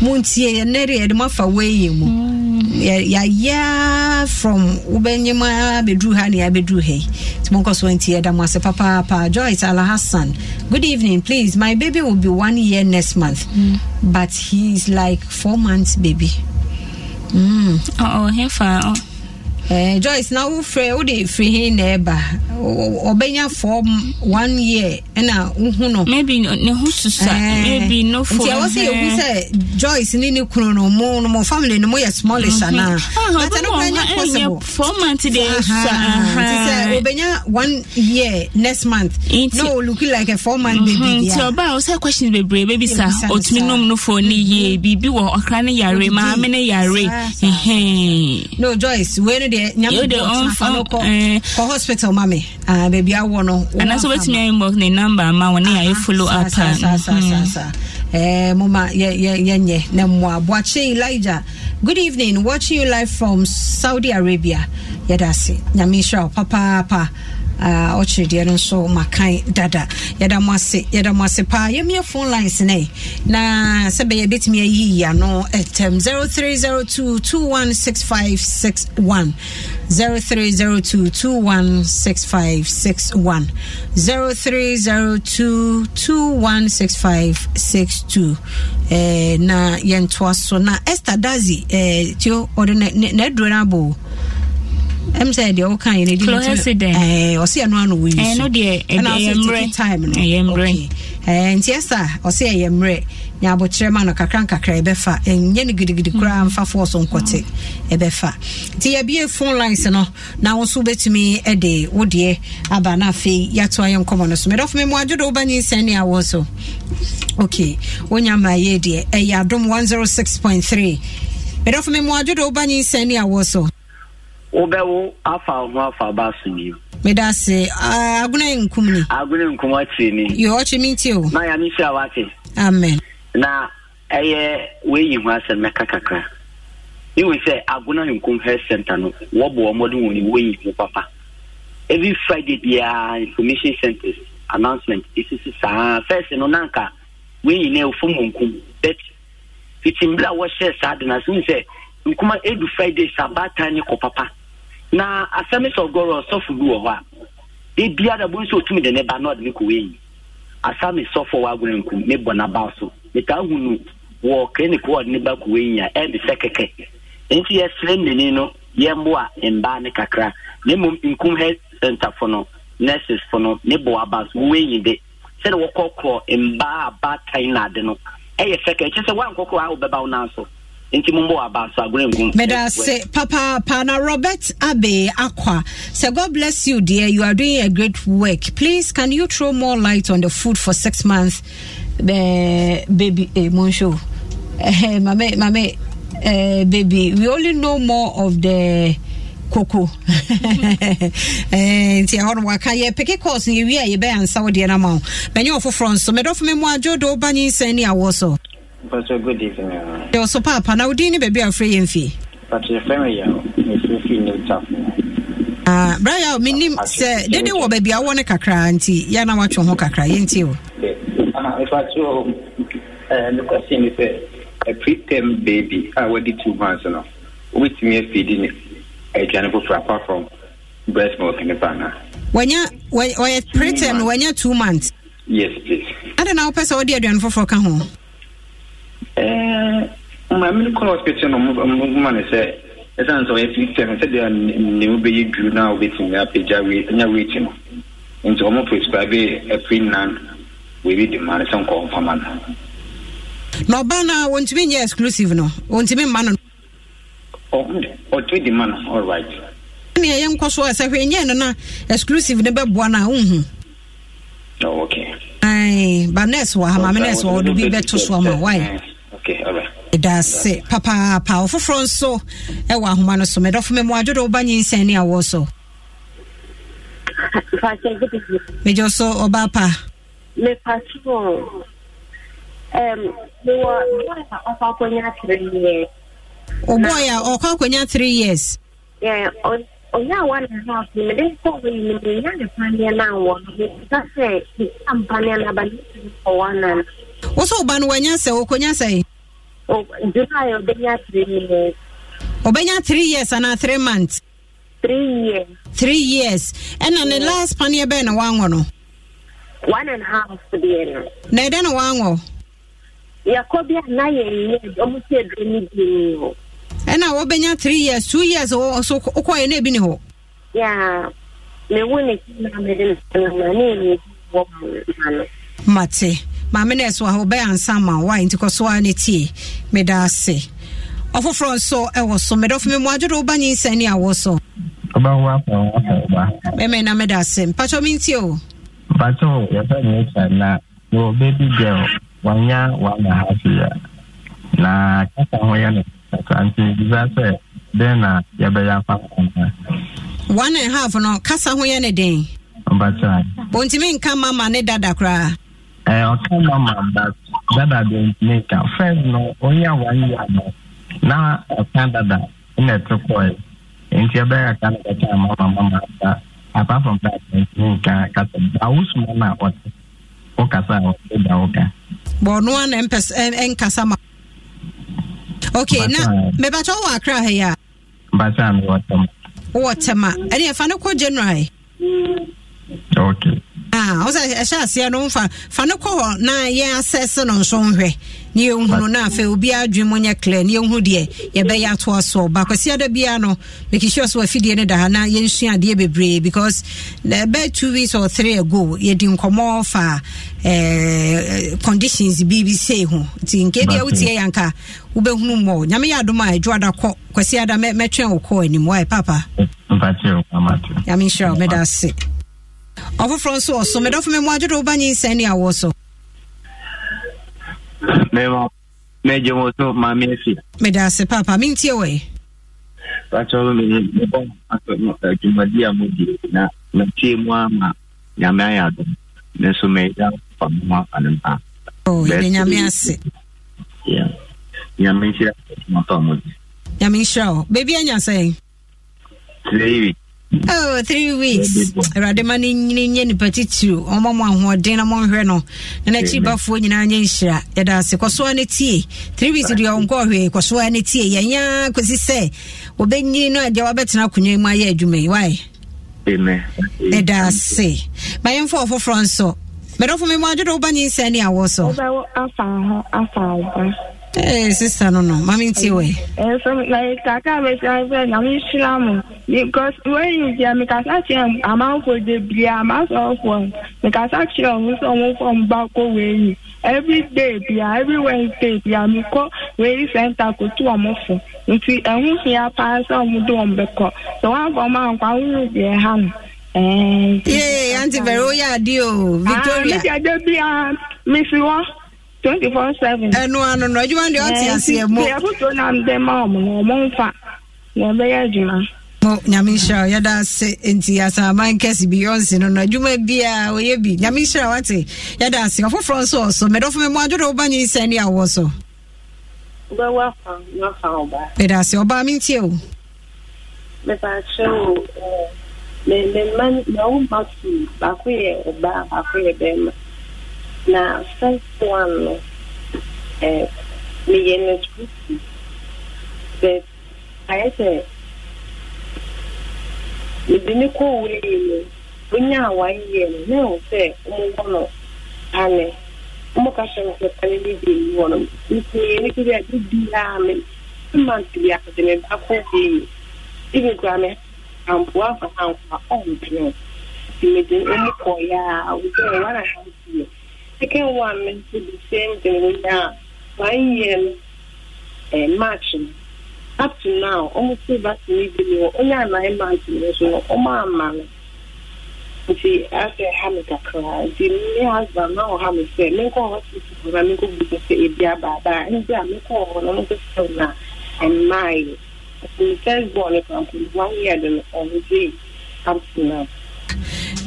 Speaker 2: montie yɛnɛ de yɛde mo afa weiyi mu mm. yɛayɛ from wobɛnyem a bɛduru ha ne yɛabɛduru ha nti monkɔ so anti yɛda mo ase papaapa joyce alahassan good evening please my baby will be one year next month mm. but he is like four months baby mm. uh -oh, Eh, joyce na wofrɛ wode firi he na ɛba ɔbɛnya fɔ one year ɛna wohu no maybe
Speaker 1: ne ho susa eh. maybe no fɔ nti ɛwɔ sɛ yɛhu
Speaker 2: sɛ joyce ne ne kunu no mo no mo family no mo yɛ smallish mhm. anaa bɛtɛ no kanya possible four month de susa nti sɛ ɔbɛnya one year next month
Speaker 1: na ɔlooking like a four month baby nti ɔba a ɔsɛ questions bebree bɛbi sa ɔtumi nom no fɔ ne mhm. yie biribi wɔ ɔkra ne yare maame ne yare no joyce wei
Speaker 2: no deɛ nyamekɔ eh, hospital ma me ah, baabi awɔ no anaso wobɛtumi
Speaker 1: inbox ne number ama wɔ ne ah, yɛayɛ follow up moma
Speaker 2: yɛnyɛ na mmoa boakye Elijah. good evening watching you live from saudi arabia yɛda ase nyame hyira wo papaapa ɔkyerɛ ah, deɛ no nso makan dada yɛda mo ase yɛda mo ase paa yɛmmea phone lines ne na sɛ bɛyɛ bɛtumi ayiyi ano ɛtɛm 0302216561 0302216561 0302216562 eh, na yɛntoa so na esther dazi eh, tio ɔde n'aduro no m sɛ deɛ woka yɛ no ɔse ɛno ano wɔ yusɛnti ɛsa ɔse ɛyɛ mmerɛ ma no kakra nkakra ɛbɛfa ɛnyɛ eh, no gidigidi koraa mm-hmm. so nkɔte ɛbɛfa nti yɛbie phone lines no na wo nso wobɛtumi eh, de wodeɛ aba no afei yɛatoa yɛ nkɔmmɔ no so medɔfo me mu adwo de woba so ok wonya ma deɛ ɛyɛ adom 106.3 medɔfo me mu adwo de woba
Speaker 3: wobɛwo afa wo ho afa ba asomyi
Speaker 2: meda ase agona nkum ni
Speaker 3: agona nkum akyiri ni yo ɔkye mentie o na yame hyia wate amen na ɛyɛ woayi ho asɛm mɛka kakra ewe sɛ agona nkum health center no wɔbɔ mmɔden wɔ ne woayi ho papa every friday biara information centers announcement ɛsisi saa first no nanka woayi no ɛwofam wɔ nkum but fitimbere a wɔhyɛ saa de no ase wu sɛ nkuma edu friday sabaatan ne kɔ papa na asɛm sɛ ɔgɔrɔ ɔsɔfo bi wɔ hɔ a ebia da nso otumi de ne ba na ne kɔ asami sɔfo wa so ne ka ahu wɔ wɔ ne ba kɔ a ɛbi sɛ kɛkɛ nti no mbaa kakra na mmom nkum health center no nurses fo no ne bɔ aba so wɛyi de sɛde wɔkɔkɔ mbaa na no ɛyɛ sɛkɛ sɛ wɔn a wɔbɛba nti mumbɔ abasagorenkum medase
Speaker 2: papaapa na robert abe akwa so god bless you dear you are doing a great work please can you throw more light on the food for six months uh, baby eh, monsho uh, mame mame uh, baby we only know more of the koko eh, nti ɛhɔ no waka yɛ peke course no yɛwie a yɛbɛyɛ ansa wo deɛ no ma wo bɛnyɛ ɔfoforɔ nso medɔfo me mu adwo de woba ne awɔ so
Speaker 3: Pastor, good evening.
Speaker 2: Yo, so Papa, now do you baby afraid you fee?
Speaker 3: But your family, you feel new tough.
Speaker 2: Ah, Brian, minim sɛ dede wɔ baabi a wɔne kakra nti yɛ na watwe ho kakra yɛnti o
Speaker 3: ɛfaso nokwasɛ ne sɛ
Speaker 4: apretem baabi a wɔde two months no wobɛtumi afidi ne aduane foforɔ apart from breast milk ne pa anaa
Speaker 2: wanya wɔyɛ pretem no wanya two months yes please ade na wopɛ sɛ wode aduane foforɔ ka ho
Speaker 4: mgbe mmiri kọrọ ọsịpịtị nọ mma na sị ɛsan sɛ ɔyɛ kristian sɛdeɛ na wo bɛyɛ duru na a wobɛtumi apagya nya weti no nti ɔmo prescribe afiri nan wɔbi de ma no
Speaker 2: na ɔba no a na nyɛ exclusive no wɔntumi mma no
Speaker 4: no allright
Speaker 2: ne ɛyɛ nkɔ so sɛ hwɛ nyɛ no na exclusive no bɛboa na a wonhu ok ba nurse wɔ ha ma me nurse wɔ hɔ ɛdase papaapa ɔfoforɔ nso ɛwɔ ahoma no so mɛdɔfo mɛ mu adwodo woba nyinsɛn ne awɔ so megye so ɔba pa
Speaker 3: ɔbɔe a ɔkɔ akɔnya three years ɔyɛ a one and a half no mede nkɔ hɔ yi no menya ne paneɛ no awɔ no mesa sɛ mesa mpaneɛ no aba ne kɔ one and wo sɛ woba no wanya july oh, ɔbɛnya three years.
Speaker 2: ɔbɛnya three years anaa three months. three years. three years ɛna ne last paneɛ bɛɛ na waŋɔ no.
Speaker 3: one and a half deɛ no.
Speaker 2: na ɛdɛ na waŋɔ. yɛkɔ bi a na yɛ
Speaker 3: yɛ ɔmo ti aduro ne bi ni hɔ. ɛna wɔbɛnya three
Speaker 2: years two years wɔ oh, so wokɔɛ na ebi ni hɔ.
Speaker 3: yaa mewu ne ti na mede ne sɛ na ma ne yɛ ne bi wɔ ma no.
Speaker 2: mate. maame no ɛso a wobɛyɛ ansa ma wo a nti kɔ so a ne tie meda ase ɔfoforɔ nso ɛwɔ so medɔfo me mmoadwode woba nyinsɛn ne awɔ so
Speaker 4: mɛmɛ
Speaker 2: na meda ase mpatwɔ mentie o
Speaker 4: mpatwɔ yɛfɛ ne ɛkya na wɔ bɛbi girl wanya wana half year na kasa ho yɛ no nti bisa sɛ dɛn na yɛbɛyɛ afa
Speaker 2: one and half no kasa ho yɛ ne den
Speaker 4: mpatwɔ
Speaker 2: ontimi nka mama ne dada koraa
Speaker 4: ọtọ mama dada dị nika fes nọ onye awayi anọ na ọta dada na nti ebe ya ka nkata mama mama ta apart from that eh, kasa awusu na ụkasa ọtị da ụka.
Speaker 2: bọọnụ a na nkasa ma. ok na mmebacha ọwụ akra ha ya. general. ok. ɔsɛ ɛhyɛ aseɛ no mfa fa no kɔ hɔ na yɛn asɛse no nso nhwɛ na yɛhunu no afei obiara adwene mu nyɛ clear na yɛhu deɛ yɛbɛyɛ atoa soɔ ba da biara no make sure so afidie no da ha na yɛnsua adeɛ bebree because ɛbɛyɛ two weeks or three ago yɛdi nkɔmmɔ fa eh, conditions biribi sei ho nti nke deɛ wotie yɛ anka wobɛhunu mmɔ nyame yɛ adom a adwo ada kɔ kwasiada mɛtwɛn wo kɔɔ anim wae papa nyame nhyira wo mɛda ase ɔfoforɔ nso ɔso medɔfo me mmoa dwodo woba nyinsɛn ne awɔ so
Speaker 4: mema megye mo so maame afi
Speaker 2: mede ase papa mentie wɔ
Speaker 4: bakyɛw mene mebɔ adwumadi eh, a modie na matie mu ama nyame ayɛ adom ne so mɛyɛ fa me ho afa ne mpa oh, yɛde nyame ase nyame nhyira
Speaker 2: nyame nhyira wo baabi anya sɛn oh three weeks awurade ma no nyini nyɛ nipa titiriw ɔma mo ahoɔden na monhwɛ no na n'akyi bafoɔ nyinaa nyɛ nhyira yɛda ase kɔsoa no tie three weeks deɛ ɔnkɔ hwee kɔsoa no tie yɛnya kɔsi sɛ wɔbɛnyini no agya wabɛtena akonnwa mu ayɛ adwuma yi wae
Speaker 4: ɛda
Speaker 2: ase ɔfoforɔ nso awɔ so ee eh, sista no no maame nti wɛ.
Speaker 3: ɛsɛ eh, like kaka bɛ ti an fɛ na mi sira mu because when you jɛ mi kasa kyerɛ mu a ma fɔ bebree a ma sɔn fɔ mu mi kasa kyerɛ mu sɔn mu fɔ mu ba ko wei yi every day bia every wednesday bia mi kɔ wei center ko tu ɔmo fo nti ɛho hia paa sɛ ɔmo de ɔmo bɛ kɔ sɛ wɔn afɔ ɔmo ankɔ ahoro deɛ ha no. yee aunty bẹ̀rẹ̀ ó yà á di o victoria. ah mi jẹ́ dé bíi ah twenty four seven. ẹnu ano no adwuma deɛ ɔte aseɛ mu. ɛɛ ɛkutu na mbɛ ma ɔmo na ɔmo nfa na ɛbɛyɛ adwuma. mo
Speaker 2: nyame nhyira o yɛda ase nti asaman kɛse bi yɔnse no no adwuma biaa ɔyɛ bi nyame nhyira wate yɛda ase ɔfoforɔ nso ɔso mɛdɔfo me mu adwode woba nyɛ sɛ ne awɔ so
Speaker 3: mɛda
Speaker 2: ase ɔbaa mentie o
Speaker 3: mepaakyerɛ o
Speaker 4: mema
Speaker 3: mawo ma su baako yɛ ɔbaa baako yɛ bɛrima na first one no eh, meyɛ no skuti but ayɛ sɛ mede ne kɔɔ wei no wonya a wayɛ no na ɛho sɛ ɔmowɔ no ane ɔmɔka hyɛ no sɛ pane ne de ni wɔ no meyɛ no kɛbi a de biaa me mant biakde me bakɔ bie ebi koraa me ampoa afa hankwa ɔmpene nti mede ɔmu kɔeɛ a wosɛ ɛwana hanseɛ second ụwa meant to the same thing with her one year uh, match up to now almost still back to me below only a nine months in nti ha me kakraa nti me husband na ɔha me sɛ menkɔ hospital hɔ na menkɔ bisa sɛ ebi abaabaa ndị a na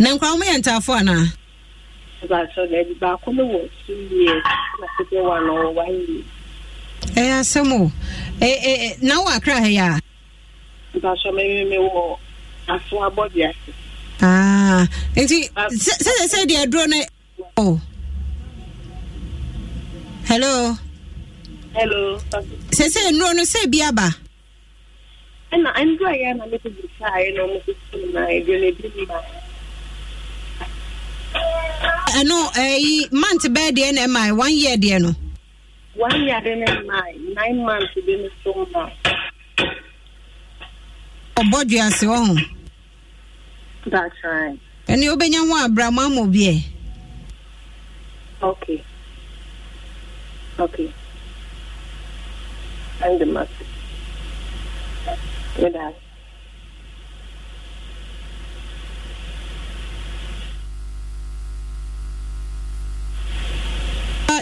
Speaker 3: na na
Speaker 2: nkwa ɛyɛ asɛm e e, e, o na wɔ akra ha yɛ a
Speaker 3: nti sɛsɛ sɛ deɛ aduro no
Speaker 2: o hello hello sɛ sɛ nnuro no sɛ bi aba ɛna ɛnduro yɛ na mɛkɔ bisaeɛ
Speaker 3: na ɔmɔ sɛ sɛ nyinaa ɛduro no ɛbi mmaa
Speaker 2: ɛno ɛyi mant bɛɛ deɛ na ɛma one year deɛ no.
Speaker 3: one year de na ɛma nine months de ne so ma.
Speaker 2: ɔbɔ duase wɔ ho.
Speaker 3: that's right.
Speaker 2: ɛni obɛnya ho abramu amɔ biɛ.
Speaker 3: okay okay. ɛn de ma se.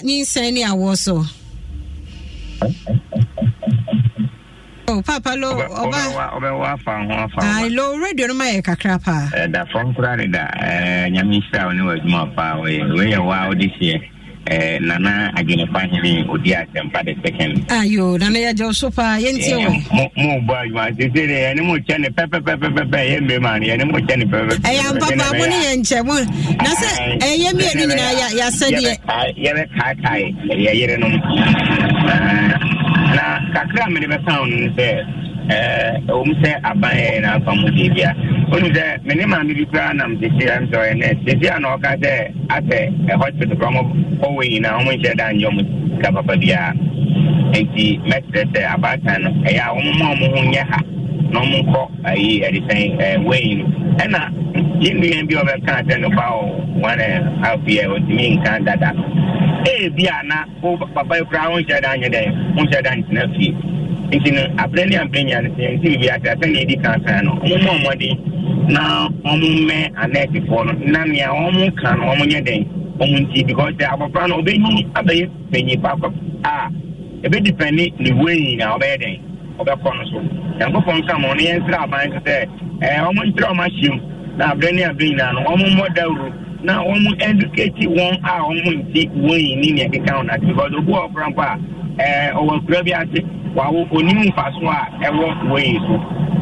Speaker 2: ɔba ne awɔ so oh, papa lo ɔba
Speaker 4: ɔbɛwɔ afa ho afa ho
Speaker 2: lo radio no ma yɛ kakra paa
Speaker 4: ɛda fɔm de da ɛɛ nyame hyira wɔ adwuma paa wɔyɛ wɔyɛ wa ɔde hyɛ eh, nana adwenefa hene odi asɛmpa the second
Speaker 2: ayo nana yɛgye wo so paa yɛntie wɔ
Speaker 4: mobɔ adwuma sesere yɛne mokyɛ ne pɛpɛpɛpɛpɛ ɛyɛ mmerɛma no yɛne mokyɛ ne pɛpɛpɛ ɛyɛ ampapa mo ne
Speaker 2: yɛnkyɛ mo na sɛ ɛyɛ mmienu nyinaa yɛasɛdeɛ
Speaker 4: yɛbɛkaakae yɛyerenom na kakra mede bɛka wo no sɛ ɛwɔm eh, sɛ aban yɛn na afa mu deɛ sɛ me maame bi koraa nam nɛ na ɔka sɛ asɛ kora ɔwɔ ɔmo nhyɛ da nyɛ ɔmo papa biara nti sɛ no ɛyɛ a ɔmo ma ɔmo ho nyɛ ha na ɔmo nkɔ ayi ɛdesɛn no ɛna bi ɔbɛka sɛ no a na papa yi koraa da nyɛ dɛ da ntena fie nti no abrɛ ne ambrɛ nya nti ase asɛnea ɛdi kan kan no ɔmoma ɔmɔden na ɔmommɛ anɛɛsefoɔ no na nea ɔmo ka no ɔmonyɛ dɛn ɔmo nti because sɛ abɔfra no ɔbɛyi abɛyɛ a ɛbɛdipɛne na ɔbɛyɛ dɛn ɔbɛkɔ no so nyankopɔn nka ma ɔno yɛnsrɛ aban so sɛ ɔmo na abrɛ ne nyinaa no na ɔmo educate wɔn a ɔmo nti wei ne a ɔwɔ nkura bi ase wawo onim nfaso a ɛwɔ wei so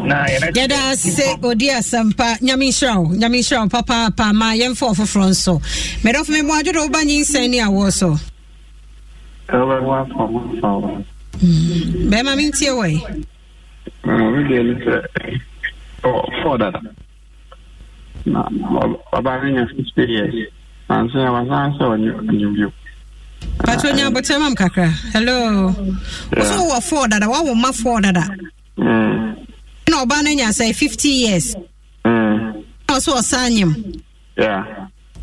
Speaker 4: na yɛda ase
Speaker 2: odi asɛmpa nyame nhyira wo nyame nhyira wo papaapa ma yɛmfa ɔfoforɔ nso mɛdɔfo me mmoa dwodɛ woba nyinsɛn ne awoɔ so bɛrima mentie wɔe
Speaker 3: mm, medeɛ ne sɛ na ɔbaa no nya 50 years nanso
Speaker 4: yɛwasan sɛ ɔnyɛ bio
Speaker 2: patro nya abotire mam kakra hello woso wowɔ fo dada woawo ma fo dada mm. na ɔba no nya sɛ 50 years
Speaker 4: mm. na
Speaker 2: ɔso ɔsa nyem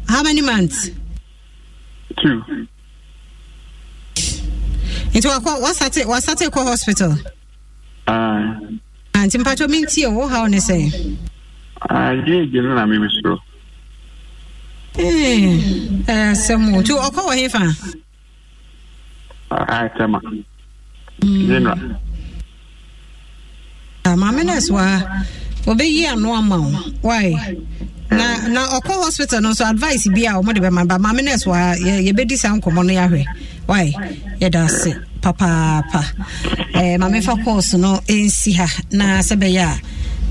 Speaker 2: how many months nti wasate wasate kɔ hospital ah. Ah, nti mpatro mentie wo haw ne sɛ
Speaker 4: gyeegye ah,
Speaker 2: no sɛ mu nti ɔkɔ wɔ he fa
Speaker 4: aitema
Speaker 3: general hmm.
Speaker 2: ah, maame nurse wa wɔbɛyi ano ama wo wae na na ɔkɔ hospital no nso advice bi a wɔde bɛma ba maame nurse wa yɛbɛdi saa nkɔmmɔ no yɛahwɛ wae yɛda ase papaapa eh, maame fa course no ɛnsi ha na sɛ bɛyɛ a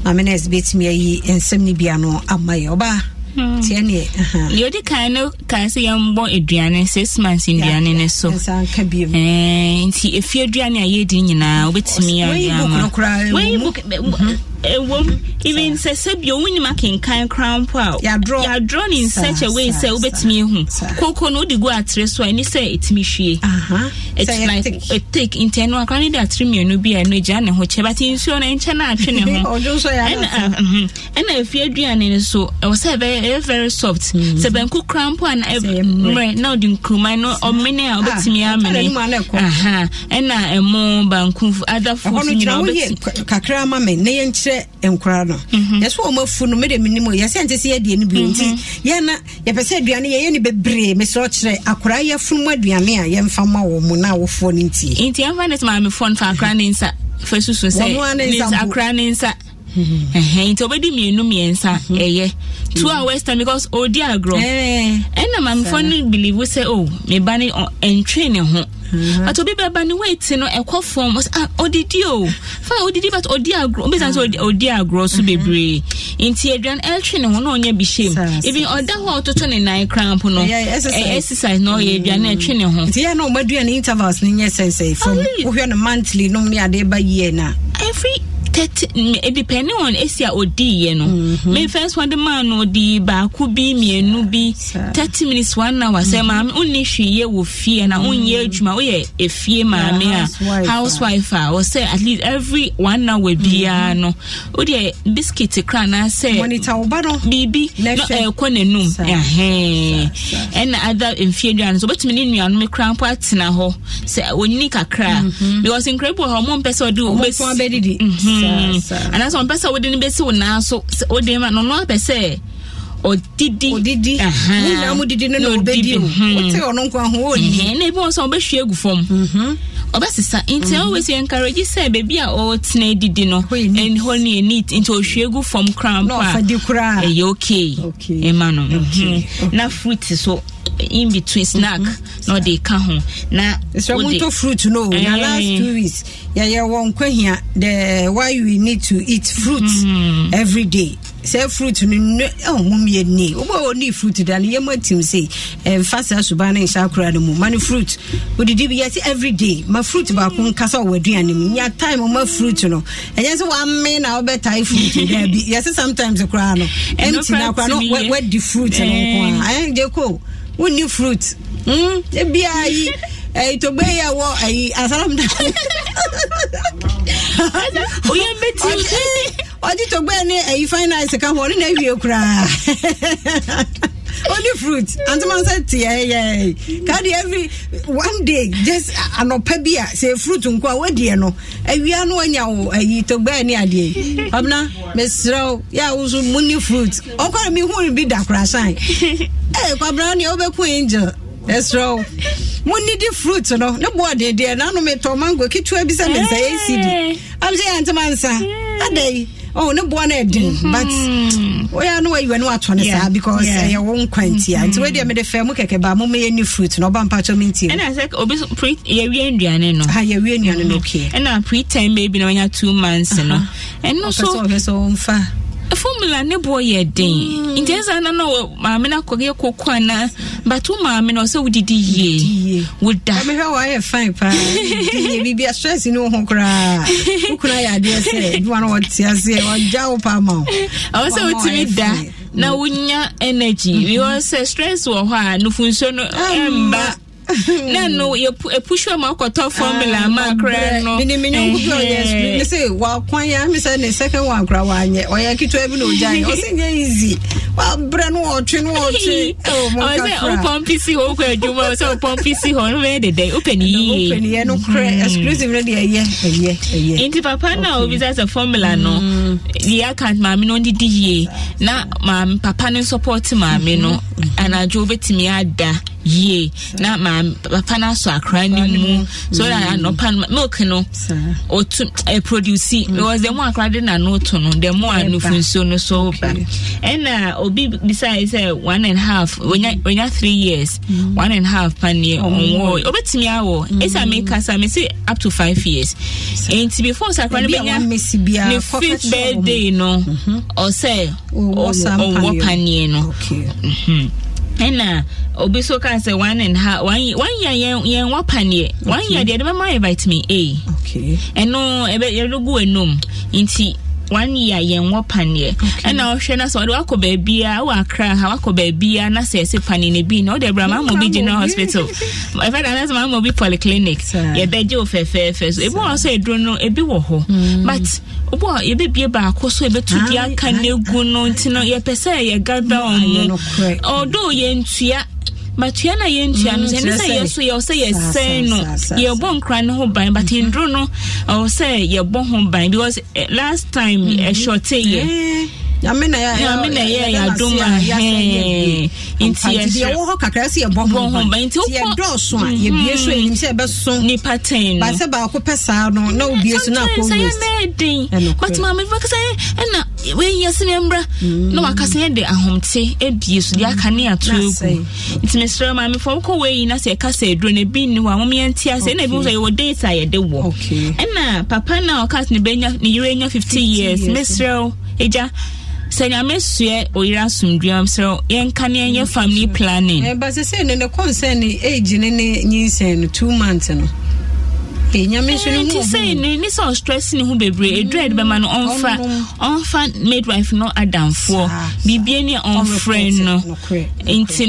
Speaker 2: maame nurse bɛtumi ayi nsɛm no bi ano ama yɛ ɔbaa deɛ
Speaker 1: ɔdi kan no kan sɛ yɛmbɔ aduane six months nnuane eh, no so nti ɛfie aduane a yɛdi nyinaa wobɛtumi ayɛ ama ewom even sɛ sɛbio wonim akenkan kora mpo a yɛadrɔ ne in such a way sɛ wobɛtumi ahu koko no wode gu atere so a ɛne sɛ ɛtumi hwie ɛtik nti ɛno akora ne de atere mmienu bi a ɛno agya ne ho kyɛ but nsuo no ɛnkyɛ no atwe ne ho ɛna afie uh, mhm. aduane no so ɛwɔ sɛ ɛyɛ very soft mhm. sɛ banku kora mpo a mmerɛ na wode nkruma no ɔmene a wobɛtumi ah, amene ɛna ɛmo banku other food nyinaa wobɛtumi
Speaker 2: kakra ma me na yɛnkyerɛ kyerɛ nkora no mhm. yɛsɛ ɔma afu no mede menim yɛsɛ nte sɛ yɛdeɛ no bio nti mhm. yɛna yɛpɛ sɛ aduane yɛyɛ ne bebree mesrɛ kyerɛ akora yɛafuno mu aduane a yɛmfa ma wɔ mu na awofoɔ no ntie
Speaker 1: nti ɛmfa ne sɛ no fa akora ne nsa fa susu sɛ akora ne nsa mhm. nti obedi mmienu mmiɛnsa ɛyɛ two hours time because odi agorɔ ɛna maamefoɔ no believe sɛ o oh, meba ne ntwe ne ho Mm-hmm. but obi bɛba ah, mm-hmm. mm-hmm. ne weight no ɛkɔ fam ɔdidi o fa ɔdidi but ɔdi agorɔ obi san so ɔdi agorɔ so bebree nti aduane ɛtwe ne ho na ɔnya bi hyɛm ebi ɔda hɔ ɔtoto ne nan cramp no exercise na ɔyɛ aduane ɛtwe ne ho. nti yɛn na ɔmo aduane intervals ne nyɛ sɛnsɛn fam wohwɛ no monthly nom ne adeɛ ba yie na. every thirty ebi pɛni esi a odi yɛ no mhm. me first one de maa no di baako bi mmienu bi thirty minutes one hour sɛ mhm. maame onni hwi yɛ wɔ fie na onyɛ mm. adwuma oyɛ efie maame a housewife a ɔsɛ at least every one hour biara mhm. no o deɛ biscuit kra na sɛ biribi na ɛkɔ n'anum ɛhɛn ɛna ada mfie aduane so obetumi ne nuanom kra mpo atena hɔ sɛ onyini kakra because nkira bi wɔ hɔ ɔmo mpɛ sɛ ɔde obesi anaasɛ ɔmpɛ sɛ wode no bɛsi wo naa so wode ma no ɔno apɛ sɛ odidi odidi nyinaa mu didi no na obedi o wote ɔno nko ho oni na ebi wɔn sɛ ɔbɛhwie egu fam mhm. ɔbɛsesa nti mhm. always yɛ encourage sɛ beebi a ɔtena didi no hɔ ne yɛ neat nti ohwie gu fam krampa na ɔfa di koraa ɛyɛ okay ɛma no na fruit so in between mm-hmm. snack na ɔde ka ho na wode fruit no o na eh. last two
Speaker 2: weeks yɛyɛ wɔ nkwahia the why we need to eat fruit mm. Mm-hmm. every day sɛ fruit no no ɛwɔ mu mmiɛ ni wobɛ wɔ ne fruit da eh, eh, no yɛmu atim sɛ ɛmfa saa suba no nhyɛ akora no mu ma no fruit wodidi bi yɛte every day ma fruit baako nkasa wɔ aduane mu nya time ma fruit no ɛnyɛ sɛ wame na wobɛtae fruit da bi yɛse sometimes koraa no ɛnti na koraa no wadi fruit no nko a ɛngye koo wonni fruit mm? ebia yi ɛtɔgbe yi a wɔ ayi asalam da oye mbɛti ɔdi tɔgbe ni ayi fine ice ka hɔ ɔno na ewie koraa. only fruit and someone said yeah yeah carry every one day just uh, anɔpa bi a sɛ fruit nko a wadeɛ no awia no wanya wo ayi togbaa ne adeɛ yi ɔbena mesrɛ wo yɛ a wo so muni fruit ɔkɔre mehuu bi da korasan ɛ eh, kwabra nea wobɛku angel ɛsrɛ wo monidi fruit no ne boɔ dedeɛ na no metɔ mango ketewa bi sɛ mensa yɛsidi am sɛ yɛntema nsa eh. eh. adai oh ne boɔ no ɛden mm-hmm. but woyɛ oh, no wayiwa ne watɔ no saa because ɛyɛ wo nkwa nti a nti wodeɛ mede fɛ mu kɛkɛ
Speaker 1: baa momɛyɛ ne fruit na ɔba mpatɔ me ntie yɛwie nnuane no ah, yɛwie nnuane mm-hmm. no okay ɛna pre time baby na wanya two months no ɛno uh-huh. oh, so ɔpɛ sɛ ɔmfa formula ne boɔ yɛ den mm. nti ɛnsa na na maame no akɔyɛ koko ana but wo maame no ɔsɛ wodidi yie woda mehwɛ wɔayɛ fine paa biribia stress ne wo ho koraa wokora yɛ adeɛ sɛ duwa no wɔte aseɛ ɔgya wo paa ma wo ɔwɔ sɛ wotumi da na wonya energy mm-hmm. because stress wɔ hɔ a nufunso no ɛmba na no ɛpuhyɛ eh, ma wokɔtɔ formula ma korɛ no mene menyɔnko bi ɔyɛ me se
Speaker 2: wakwan yɛ me sɛ ne second one kora waanyɛ ɔyɛ ketewa bi na ɔgyae ɔsɛ nyɛ easy
Speaker 1: brɛ no wɔtwe no wɔtwe oh, sɛ wopɔmpe si hɔ wokɔ adwuma sɛ wopɔmpe si hɔ no bɛyɛ dedɛn wopɛ ne yieyɛ no korɛ exclusive no deɛ ɛyɛ ɛyɛ ɛyɛ nti papa na a obisa sɛ formula no deɛ hmm. aka maame no ndidi yie na maame papa no support maame no mm-hmm. anadwo wobɛtumi ada yie na maame papa no asɔ akora no mu so that anɔpa no milk no otu ɛ eh, produce mm-hmm. because the more akora de na no to no the more anufu nsuo no so ba ɛna o. Uh, obi bisae sɛ one and half wɔnya three years mm. one and half paneɛ ɔnwɔ oh, oh, oh, obɛtumi awɔ ɛsɛ meka mm-hmm. me mese up to five years nti before sakora no bɛnya ne fifth birthday no ɔsɛ ɔwɔ paneɛ no ɛna obi so ka sɛ one and half one one year yɛn yɛn wɔ paneɛ one year deɛ de bɛma yɛ vitamin a ɛno ɛbɛ yɛde gu enum nti one year yɛn wɔ paneɛ ɛna ɔhwɛ no sɛ ɔde wakɔ baabia wɔ akra ha wakɔ baabia na sɛ ɛsɛ pane no bi na wode bra maama bi general hospital ɛfɛ da sɛ maama bi polyclinic yɛbɛgye wo fɛfɛɛfɛ so ebi wɔ sɛ ɛduro no ebi wɔ hɔ but obi a yɛbɛbie baako so yɛbɛtu di aka no egu no nti no yɛpɛ sɛ yɛga bɛ ɔmo ɔdɔ yɛntua matua na yɛntua no mm, sɛ ɛne sɛ yɛ so yɛwɔ sɛ yɛsɛn no yɛbɔ nkora no ho ban but mm-hmm. nduro no ɛwɔ sɛ yɛbɔ ho ban because eh, last time ɛhyɛɔteyɛ mm-hmm. eh, eh, nyame na yɛ yɛadom ahɛɛ nti yɛwɔ hɔ kakra sɛ
Speaker 2: yɛbɔ ho ba nti yɛdɔɔso a mm-hmm. yɛbie so ɛnim sɛ yɛbɛso nipa ten no ba sɛ baako pɛ
Speaker 1: saa no na wobie so no akɔ wɛsɛyɛmɛden but mamefo ka sɛ ɛna weyɛ sɛ memmra mm. na wakasa de ahomte abie so deɛ aka ne ato agu nti mesrɛ ma mefo wokɔ weyi na sɛ ɛka sɛ aduro no bi nne hɔ a momeɛnte ase ɛna bimu sɛ yɛwɔ date a yɛde wɔ ɛna papa no a ɔkas ne bɛnya ne yerɛ nya 50 years mesrɛ wo ɛgya sɛ nyame soɛ ɔyera asomdwua m sɛ yɛnka ne ɛnyɛ mm. family planning ɛba eh, sɛ sɛ no ne concern age ne ne nyinsɛn no two months no Eh, nti sei ne ne sɛ ɔstress ne ho bebree ɛdurɛ mm. de bɛma no ɔmfa ɔmfa midwife no adamfoɔ biribia ne a ɔmfrɛ no nti no